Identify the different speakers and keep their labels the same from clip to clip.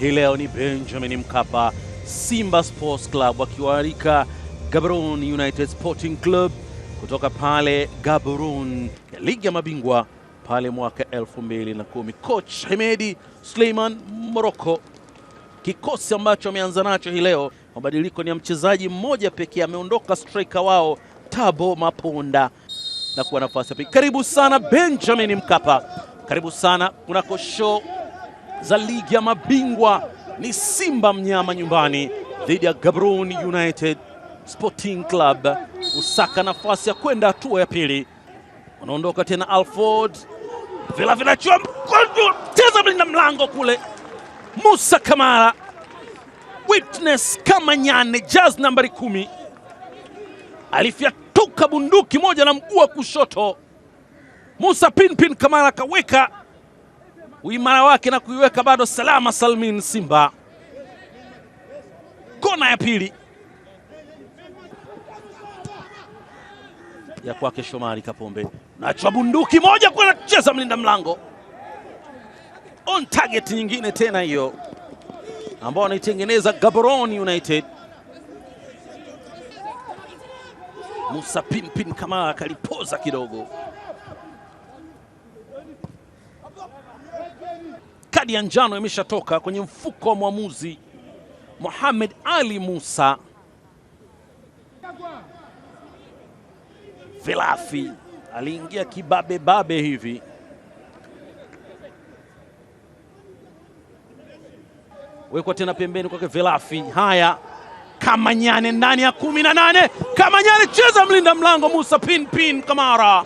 Speaker 1: Hii leo ni Benjamin Mkapa, Simba Sports Club wakiwaalika gabron United Sporting Club kutoka pale gabron ya ligi ya mabingwa pale mwaka 2010. Coach Hemedi Suleiman Morocco, kikosi ambacho ameanza nacho hii leo, mabadiliko ni ya mchezaji mmoja pekee, ameondoka striker wao Tabo Maponda na kuwa nafasi ya pili. Karibu sana Benjamin Mkapa, karibu sana kunako show za ligi ya mabingwa ni Simba mnyama nyumbani dhidi ya Gaborone United Sporting Club kusaka nafasi ya kwenda hatua ya pili. Wanaondoka tena Alford vila chua teza mlinda mlango kule, Musa Kamara Witness kama nyane jaz nambari kumi alifyatuka bunduki moja na mguu wa kushoto. Musa Pinpin Kamara akaweka uimara wake na kuiweka bado salama Salmin Simba. Kona ya pili ya kwake Shomari Kapombe, nacha bunduki moja kwa nacheza mlinda mlango. On target nyingine tena hiyo ambao wanaitengeneza Gaborone United. Musa Pimpin kama akalipoza kidogo. kadi ya njano imeshatoka kwenye mfuko wa mwamuzi Mohamed Ali Musa. velafi aliingia kibabebabe hivi. Wekwa tena pembeni kwake velafi Haya, Kamanyane ndani ya kumi na nane. Kamanyane cheza mlinda mlango Musa Pinpin Kamara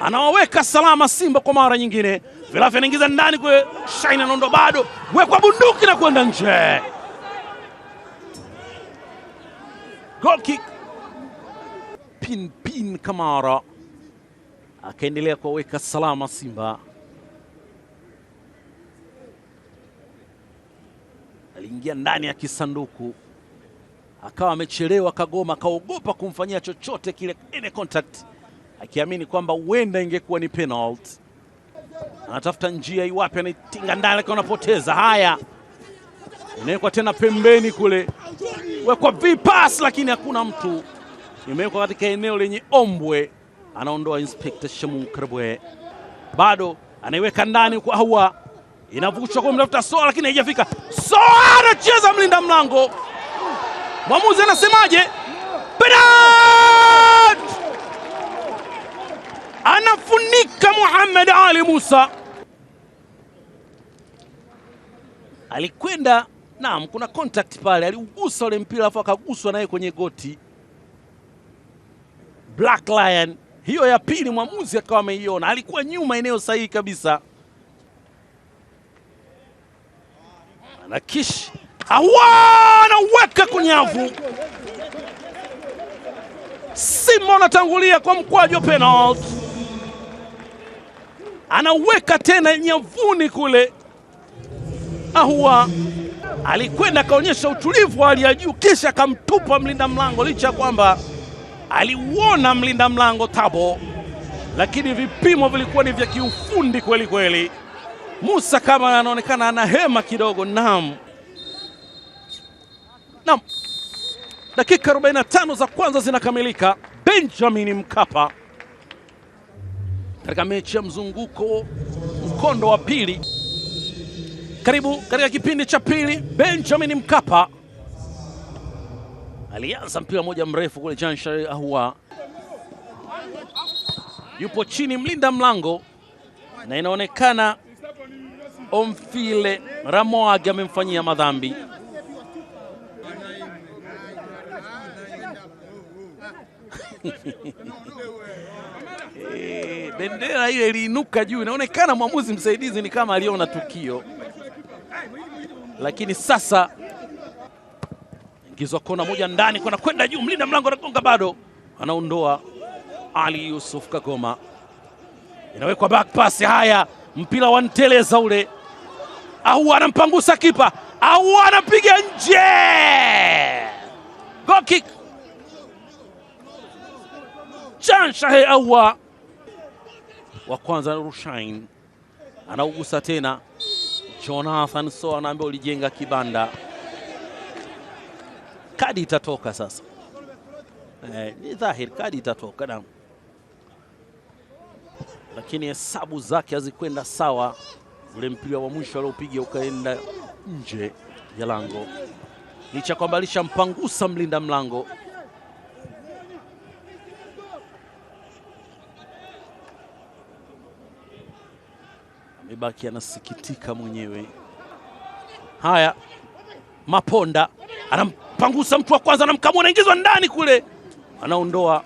Speaker 1: anawaweka salama Simba kwa mara nyingine. Vilafi anaingiza ndani kwe Shaina anaondo bado wekwa bunduki na kwenda nje. Goal kick. Pin pin Kamara akaendelea kuwaweka salama Simba. Aliingia ndani ya kisanduku akawa amechelewa, kagoma, akaogopa kumfanyia chochote kile, ile contact akiamini kwamba huenda ingekuwa ni penalty anatafuta njia iwapi, anaitinga ndani, akiwa anapoteza. Haya, inawekwa tena pembeni kule, wekwa vipas, lakini hakuna mtu, imewekwa katika eneo lenye ombwe. Anaondoa Inspekta Shemu Karebwe, bado anaiweka ndani kwa Ahoua, inavushwa mtafuta Soa, lakini haijafika. Soa anacheza mlinda mlango, mwamuzi anasemaje? Penalti! Anafunika Muhammad Ali Musa. alikwenda naam, kuna contact pale, aliugusa ule mpira alafu akaguswa naye kwenye goti Black Lion. Hiyo ya pili mwamuzi akawa ameiona, alikuwa nyuma eneo sahihi kabisa, na kish awa anaweka kunyavu. Simba anatangulia kwa mkwaju wa penalty, anaweka tena nyavuni kule ahua alikwenda akaonyesha utulivu wa hali ya juu, kisha akamtupa mlinda mlango, licha ya kwamba aliuona mlinda mlango Tabo, lakini vipimo vilikuwa ni vya kiufundi kweli kweli. Musa kama anaonekana ana hema kidogo. Naam, naam, dakika 45 za kwanza zinakamilika Benjamin Mkapa katika mechi ya mzunguko mkondo wa pili. Karibu katika kipindi cha pili. Benjamin Mkapa alianza mpira moja mrefu kule, jansha ahua yupo chini, mlinda mlango, na inaonekana Omfile Ramoag amemfanyia madhambi. E, bendera ile iliinuka juu, inaonekana mwamuzi msaidizi ni kama aliona tukio lakini sasa ingizwa kona moja ndani, kuna kwenda juu, mlinda mlango anagonga, bado anaondoa Ali Yusuf Kagoma, inawekwa back pass. Haya, mpira wa nteleza ule, au anampangusa kipa au anapiga nje, goal kick Shahe awa wa kwanza, Rushain anaugusa tena Jonathan so anaambia ulijenga kibanda, kadi itatoka sasa. Eh, ni dhahiri kadi itatoka na lakini hesabu zake hazikwenda sawa. Ule mpira wa mwisho aliopiga ukaenda nje ya lango, licha kwamba alishampangusa mlinda mlango. amebaki anasikitika mwenyewe. Haya, Maponda anampangusa mtu wa kwanza, anamkamua, anaingizwa ndani kule, anaondoa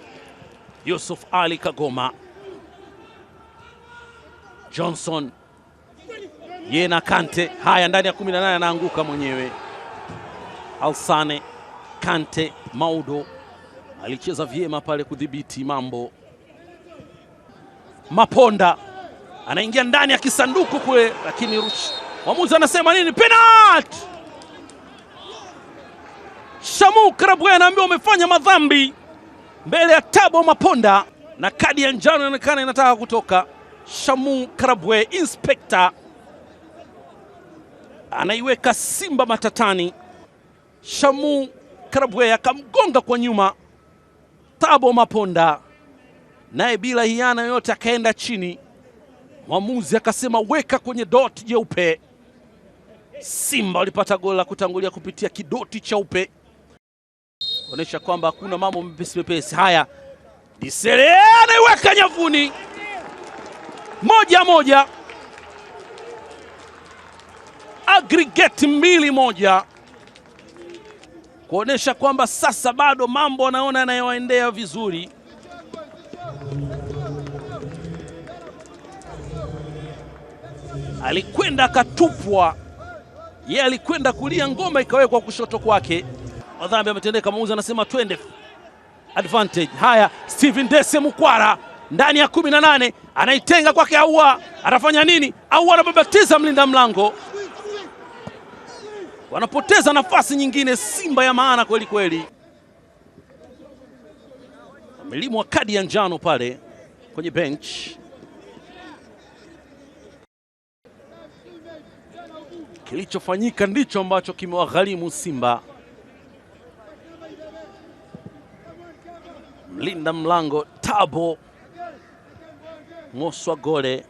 Speaker 1: Yusuf Ali Kagoma. Johnson yeye na Kante, haya ndani ya 18 anaanguka mwenyewe. Alsane Kante Maudo alicheza vyema pale kudhibiti mambo. Maponda anaingia ndani ya kisanduku kule, lakini mwamuzi anasema nini? Penalti! Shamu Karabwe anaambiwa umefanya madhambi mbele ya Tabo Maponda na kadi ya njano inaonekana inataka kutoka. Shamu krabwe inspekta anaiweka Simba matatani. Shamu Karabwe akamgonga kwa nyuma Tabo Maponda, naye bila hiana yoyote akaenda chini. Mwamuzi akasema weka kwenye doti jeupe. Simba walipata goli la kutangulia kupitia kidoti cheupe, kuonyesha kwamba hakuna mambo mepesi mepesi. Haya, disere anaiweka nyavuni, moja moja, aggregate mbili moja, kuonyesha kwamba sasa bado mambo anaona yanayoendea vizuri. alikwenda akatupwa, yeye alikwenda kulia, ngoma ikawekwa kushoto kwake. Madhambi ametendeka, mwamuzi anasema twende advantage. Haya, Steven Dese Mukwara ndani ya kumi na nane anaitenga kwake, aua atafanya nini? Aua anababatiza mlinda mlango, wanapoteza nafasi nyingine. Simba ya maana kweli kweli, amelimwa kadi ya njano pale kwenye bench. Kilichofanyika ndicho ambacho kimewagharimu Simba. Mlinda mlango Tabo Moswa Gole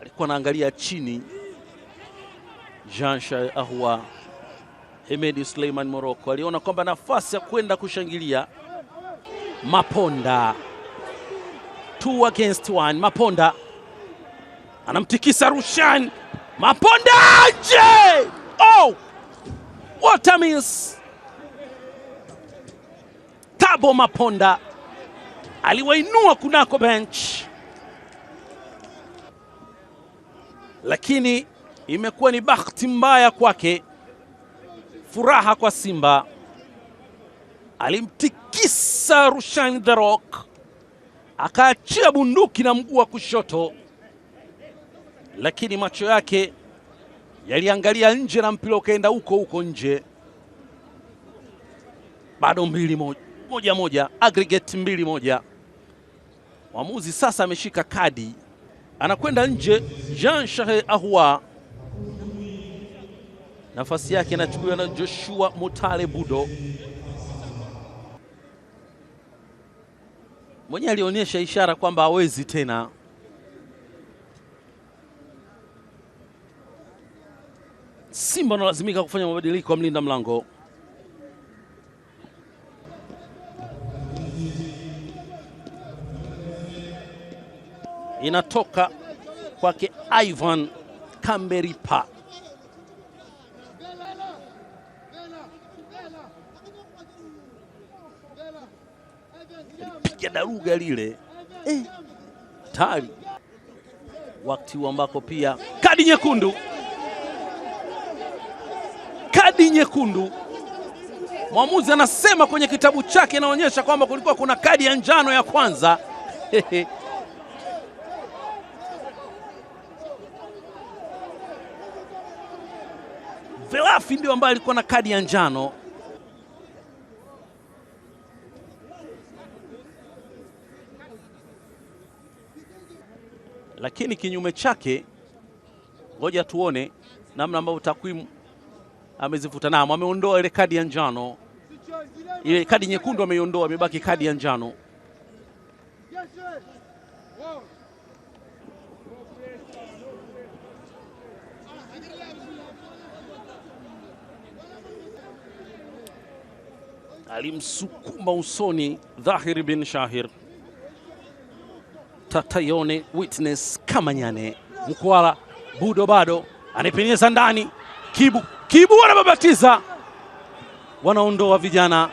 Speaker 1: alikuwa anaangalia chini. Jean Charles Ahua Hemedi Suleiman Moroko aliona kwamba nafasi ya kwenda kushangilia. Maponda two against one. Maponda anamtikisa Rushan Maponda aje! Oh, what a miss! Tabo Maponda aliwainua kunako bench, lakini imekuwa ni bahati mbaya kwake, furaha kwa Simba. Alimtikisa Rushine The Rock, akaachia bunduki na mguu wa kushoto lakini macho yake yaliangalia nje na mpira ukaenda huko huko nje. Bado mbili moja, moja, moja. Aggregate mbili moja. Mwamuzi sasa ameshika kadi, anakwenda nje. Jean shahe Ahua, nafasi yake inachukuliwa na Joshua Mutale Budo. Mwenye alionyesha ishara kwamba hawezi tena. Simba analazimika kufanya mabadiliko ya mlinda mlango. Inatoka kwake Ivan Kamberipa. pika daruga lile eh, tari wakati ambako pia kadi nyekundu kadi nyekundu. Mwamuzi anasema kwenye kitabu chake inaonyesha kwamba kulikuwa kuna kadi ya njano ya kwanza. Velafi ndio ambaye alikuwa na kadi ya njano. Lakini kinyume chake, ngoja tuone namna ambavyo takwimu amezifuta. Naam, ameondoa ile kadi ya njano, ile kadi nyekundu ameiondoa, imebaki kadi ya njano. Alimsukuma usoni Dhahir bin Shahir Tatayone Witness nyane Mkwala Budo bado anaipenyeza ndani Kibu, Kibu wanababatiza, wanaondoa vijana.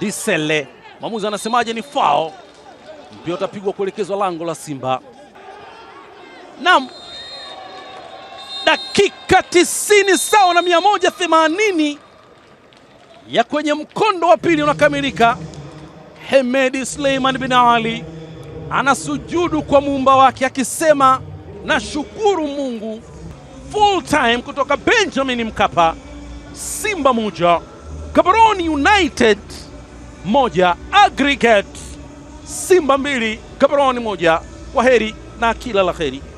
Speaker 1: Disele mwamuzi anasemaje? Ni fao. Mpira utapigwa kuelekezwa lango la Simba. Naam, dakika tisini sawa na mia moja themanini ya kwenye mkondo wa pili unakamilika. Hemedi Suleiman bin Ali anasujudu kwa muumba wake akisema, nashukuru Mungu full time kutoka Benjamin Mkapa, Simba moja Gaborone United moja, aggregate Simba mbili Gaborone moja. Kwa heri na kila la heri.